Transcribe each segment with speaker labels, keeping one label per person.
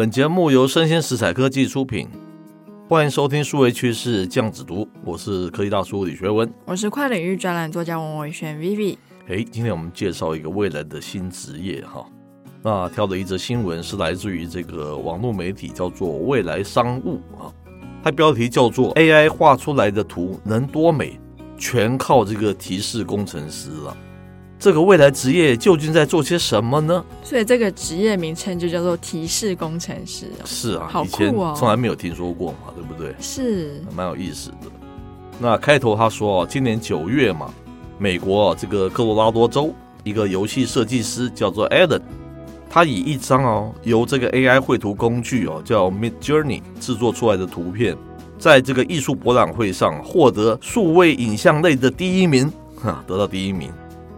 Speaker 1: 本節目由聲鮮時采科技出品，歡迎收聽《數位趨勢醬子讀》，我是科技大叔李學文，
Speaker 2: 我是跨領域專欄作家王維軒 Vivi。
Speaker 1: 哎，今天我們介紹一個未來的新職業哈，那挑的一則新聞是來自於這個網絡媒體，叫做未來商務啊，它標題叫做 AI 畫出來的圖能多美，全靠這個提示工程師了。這個未來職業究竟在做些什麼呢？
Speaker 2: 所以這個職業名稱就叫做提示工程師、哦。是啊，好酷哦，以前從來
Speaker 1: 沒有聽說過嘛，對不對？是，蠻有意思的。那開頭他說哦，今年九月嘛，美國、啊、這個科羅拉多州一個遊戲設計師叫做 Adam，他以一張哦、啊、由這個 AI 繪圖工具哦、啊、叫 Midjourney 製作出來的圖片，在這個藝術博覽會上獲得數位影像類的第一名，哈，得到第一名。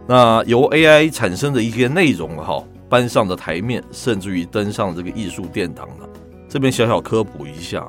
Speaker 1: 那由 AI 產生的一些內容哈、哦，搬上了台面，甚至於登上這個藝術殿堂了、啊。這邊小小科普一下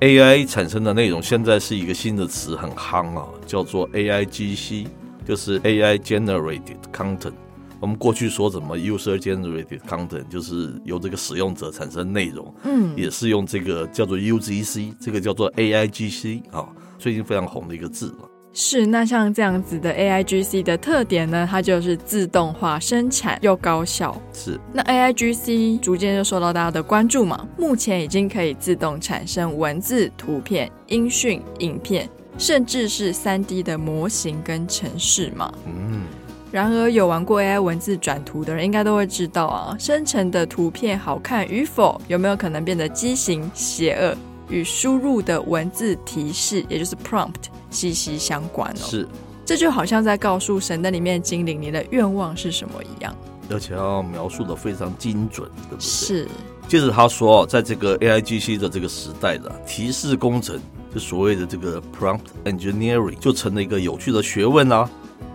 Speaker 1: ，AI 產生的內容現在是一個新的詞，很夯啊，叫做 AIGC，就是 AI Generated Content。我們過去說什麼 User Generated Content，就是由這個使用者產生內容，嗯，也是用這個叫做 UGC，這個叫做 AIGC 啊，最近非常紅的一個字了。
Speaker 2: 是，那像這樣子的 A I G C 的特點呢，它就是自動化生產又高效。是，那 A I G C 逐漸就受到大家的關注嘛，目前已經可以自動產生文字、圖片、音訊、影片，甚至是 3D 的模型跟程式嘛。嗯。然而，有玩過 A I 文字轉圖的人，應該都會知道啊，生成的圖片好看與否，有沒有可能變得畸形、邪惡？與輸入的文字提示，也就是 prompt，息息相關哦。是，這就好像在告訴神的裡面精靈，你的願望是什麼一樣。
Speaker 1: 而且要描述的非常精準，對不對？是，就是。接着他說，在這個 AIGC 的這個時代的提示工程，就所謂的這個 prompt engineering，就成了一個有趣的學問啦、啊。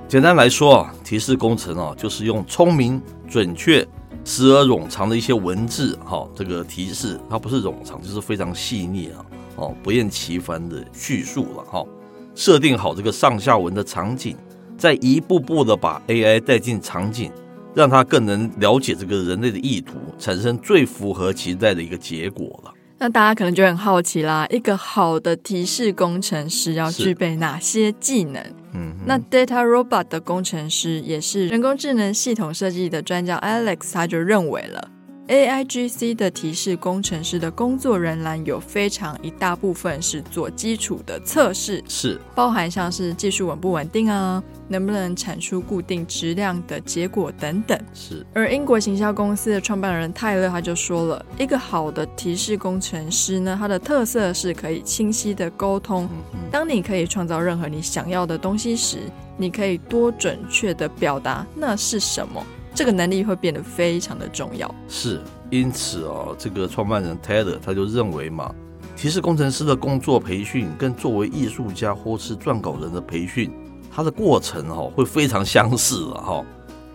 Speaker 1: 簡單來說啊，提示工程啊，就是用聰明、準確。時而冗長的一些文字，哈，這個提示它不是冗長，就是非常細膩啊，哦，不厭其煩的敘述了，哈，設定好這個上下文的場景，再一步步的把 AI 帶進場景，讓它更能了解這個人類的意圖，產生最符合期待的一個結果了。
Speaker 2: 那大家可能就很好奇啦，一個好的提示工程師要具備哪些技能？嗯是，那 DataRobot 的工程師也是人工智能系統設計的專家 Alex，他就認為了。AIGC 的提示工程師的工作人員有非常一大部分是做基礎的測試，是包含像是技術穩不穩定啊，能不能產出固定質量的結果等等。是，而英國行銷公司的創辦人泰勒他就說了，一個好的提示工程師呢，他的特色是可以清晰的溝通。當你可以創造任何你想要的東西時，你可以多準確的表達那是什麼。這個能力會變得非常的重要。
Speaker 1: 是，因此啊、哦，這個創辦人 Taylor 他就認為嘛，提示工程師的工作培訓跟作為藝術家或是撰稿人的培訓，它的過程哈、哦，會非常相似哈、啊哦，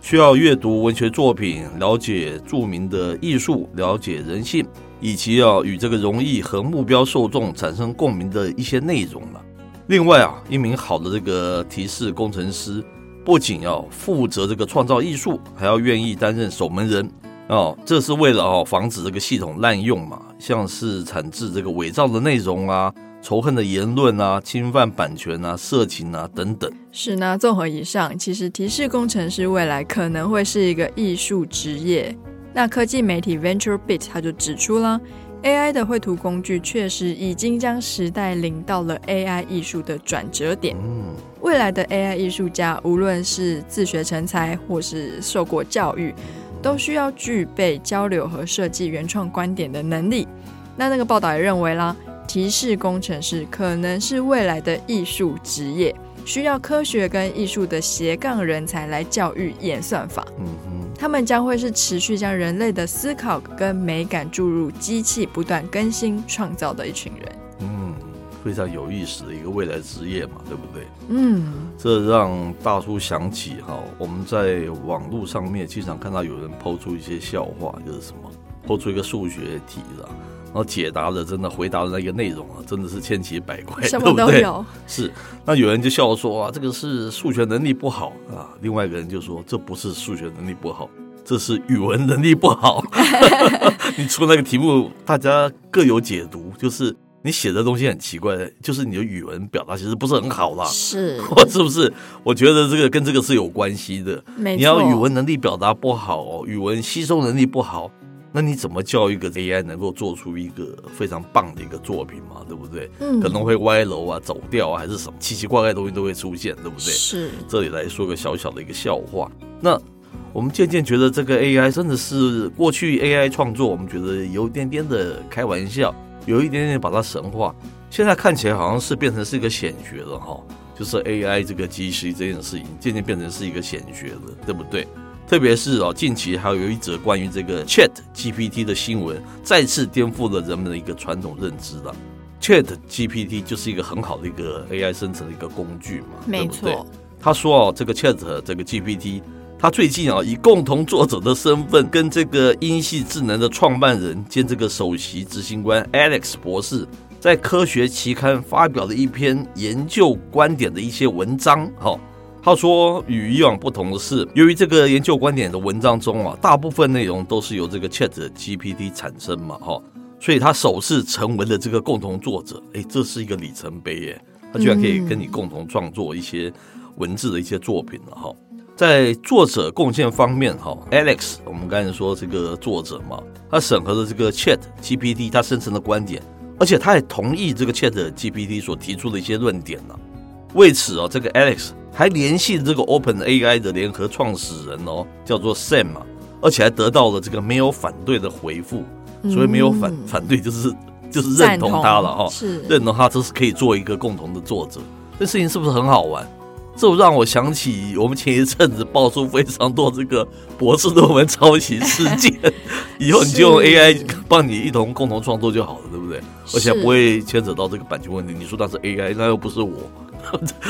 Speaker 1: 需要閱讀文學作品，了解著名的藝術，了解人性，以及要與這個容易和目標受眾產生共鳴的一些內容了。另外啊，一名好的這個提示工程師。不僅要負責這個創造藝術，還要願意擔任守門人哦。這是為了哦防止這個系統濫用嘛，像是產制這個偽造的內容啊、仇恨的言論啊、侵犯版權啊、色情啊等等。
Speaker 2: 是呢、啊，綜合以上，其實提示工程師未來可能會是一個藝術職業。那科技媒體 Venture Beat 他就指出啦，AI 的繪圖工具確實已經將時代領到了 AI 藝術的轉折點。嗯。未來的 AI 藝術家，無論是自學成才或是受過教育，都需要具備交流和設計原創觀點的能力。那那個報道也認為啦，提示工程師可能是未來的藝術職業，需要科學跟藝術的斜槓人才來教育演算法。嗯嗯。他們將會是持續將人類的思考跟美感注入機器，不斷更新創造的一群人。
Speaker 1: 非常有意思的一個未來職業嘛，對不對？嗯，這讓大叔想起哈、啊，我們在網路上面經常看到有人拋出一些笑話，就是什麼拋出一個數學題了，然後解答的真的回答的那個內容啊，真的是千奇百怪，什麼都有對不對？是，那有人就笑說啊，這個是數學能力不好啊，另外一個人就說這不是數學能力不好，這是語文能力不好。 你出那個題目，大家各有解讀，就是。你寫的東西很奇怪，就是你的語文表達其實不是很好啦。是，是不是？我覺得這個跟這個是有關係的。沒錯。你要語文能力表達不好，語文吸收能力不好，那你怎麼教育一個 AI 能夠做出一個非常棒的一個作品嘛？對不對？嗯。可能會歪樓啊，走調啊，還是什麼奇奇怪怪的東西都會出現，對不對？是。這裡來說個小小的一個笑話。那我們漸漸覺得這個 AI 真的是過去 AI 創作，我們覺得有點點的開玩笑。有一點點把它神化，現在看起來好像是變成是一個顯學了哈、哦，就是 AI 這個 GC 這件事情漸漸變成是一個顯學了，對不對？特別是哦，近期還有有一則關於這個 Chat GPT 的新聞，再次顛覆了人們的一個傳統認知了。Chat GPT 就是一個很好的一個 AI 生成的一個工具嘛，沒錯。他說哦，這個 Chat 這個 GPT。他最近啊，以共同作者的身份跟這個英系智能的創辦人兼這個首席執行官 Alex 博士，在科學期刊發表了一篇研究觀點的一些文章。哈，他說，與以往不同的是，由於這個研究觀點的文章中啊，大部分內容都是由這個 Chat GPT 產生嘛，哈，所以他首次成為了這個共同作者，誒，這是一個里程碑耶！他居然可以跟你共同創作一些文字的一些作品了哈。在作者貢獻方面，哈，Alex，我們剛才說這個作者嘛，他審核了這個 ChatGPT 他生成的觀點，而且他也同意這個 ChatGPT 所提出的一些論點呢。為此哦，這個 Alex 還聯繫這個 OpenAI 的聯合創始人哦，叫做 Sam 嘛，而且還得到了這個沒有反對的回復，所以沒有反、嗯、反對就是就是認同他了哈，贊同、是，認同他這是可以做一個共同的作者，這事情是不是很好玩？這讓我想起我們前一陣子爆出非常多這個博士論文抄襲事件，以後你就用 AI 幫你一同共同創作就好了，對不對？而且不會牽扯到這個版權問題。你說它是 AI，那又不是我。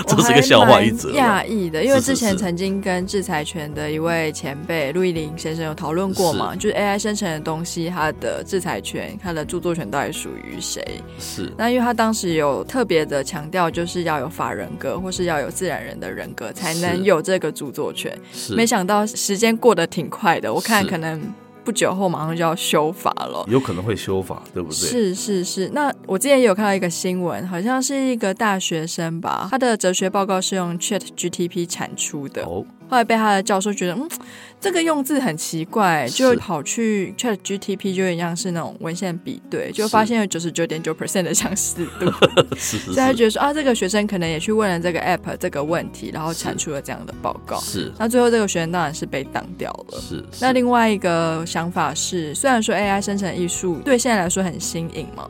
Speaker 1: 這 是一個笑話，一直。訝
Speaker 2: 異的，因為之前曾經跟智財權的一位前輩陸毅林先生有討論過嘛，是就是 AI 生成的東西，它的智財權、它的著作權到底屬於誰？
Speaker 1: 是。
Speaker 2: 那因為他當時有特別的強調，就是要有法人格，或是要有自然人的人格，才能有這個著作權。是 沒想到時間過得挺快的，我看可能。不久後馬上就要修法了，
Speaker 1: 有可能會修法，對不對？是
Speaker 2: 是是。那我之前也有看到一個新聞，好像是一個大學生吧，他的哲學報告是用 ChatGPT 產出的。Oh. 後來被他的教授覺得，嗯，這個用字很奇怪，是就跑去 ChatGPT，就一樣是那種文獻比對，是就發現有九十九點九 percent 的相似度， 是是是，所以他覺得說啊，這個學生可能也去問了這個 app 這個問題，然後產出了這樣的報告。是，那最後這個學生當然是被擋掉了。是，是，那另外一個想法是，雖然說 AI 生成藝術對現在來說很新穎嘛。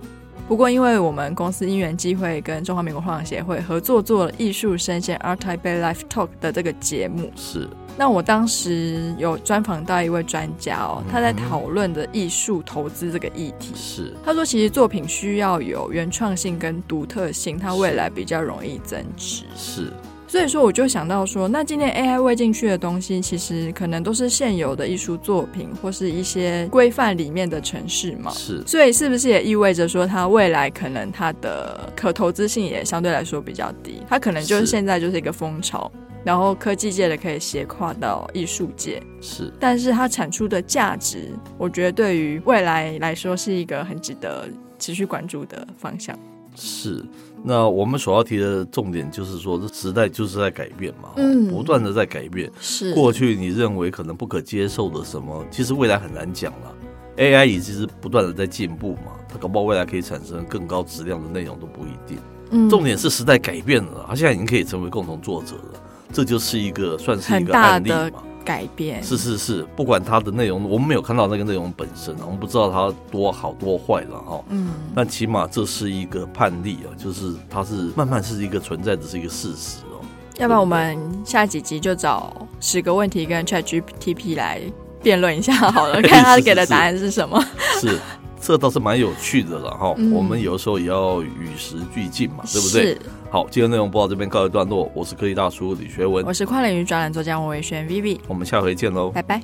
Speaker 2: 不過，因為我們公司因緣際會，跟中華民國畫廊協會合作做了藝術生鮮 Art by Life Talk 的這個節目，是。那我當時有專訪到一位專家哦，他在討論的藝術投資這個議題，是、嗯嗯。他說其實作品需要有原創性跟獨特性，它未來比較容易增值，是。是是所以說，我就想到說，那今天 AI 餵進去的東西，其實可能都是現有的藝術作品或是一些規範裡面的城市嘛。是。所以，是不是也意味着說，它未來可能它的可投資性也相對來說比較低？它可能就是現在就是一個風潮，是然後科技界，的可以斜跨到藝術界。是。但是它產出的價值，我覺得對於未來來說是一個很值得持續關注的方向。
Speaker 1: 是。那我們所要提的重點就是說，這時代就是在改變嘛，嗯，不斷的在改變。是，過去你認為可能不可接受的什麼，其實未來很難講了。AI 也其實不斷的在進步嘛，它搞不好未來可以產生更高質量的內容都不一定。嗯，重點是時代改變了，它現在已經可以成為共同作者了，這就是一個，算是一個案例嘛。
Speaker 2: 改變。是
Speaker 1: 是是，不管它的內容，我們沒有看到那個內容本身，我們不知道它多好多壞了哈、哦。嗯，但起碼這是一個判例啊，就是它是慢慢是一個存在的，是一個事實哦。
Speaker 2: 要不然我們下幾集就找十個問題跟 ChatGPT 來辯論一下好了，是是是，看他給的答案是什麼。
Speaker 1: 是。這倒是蠻有趣的了哈，嗯、我們有的時候也要與時俱進嘛，對不對？是好，今天的內容播到這邊告一段落，我是科技大叔李學文，我是跨
Speaker 2: 領域專欄作家王偉軒 Vivi，
Speaker 1: 我們下回見嘍，拜
Speaker 2: 拜。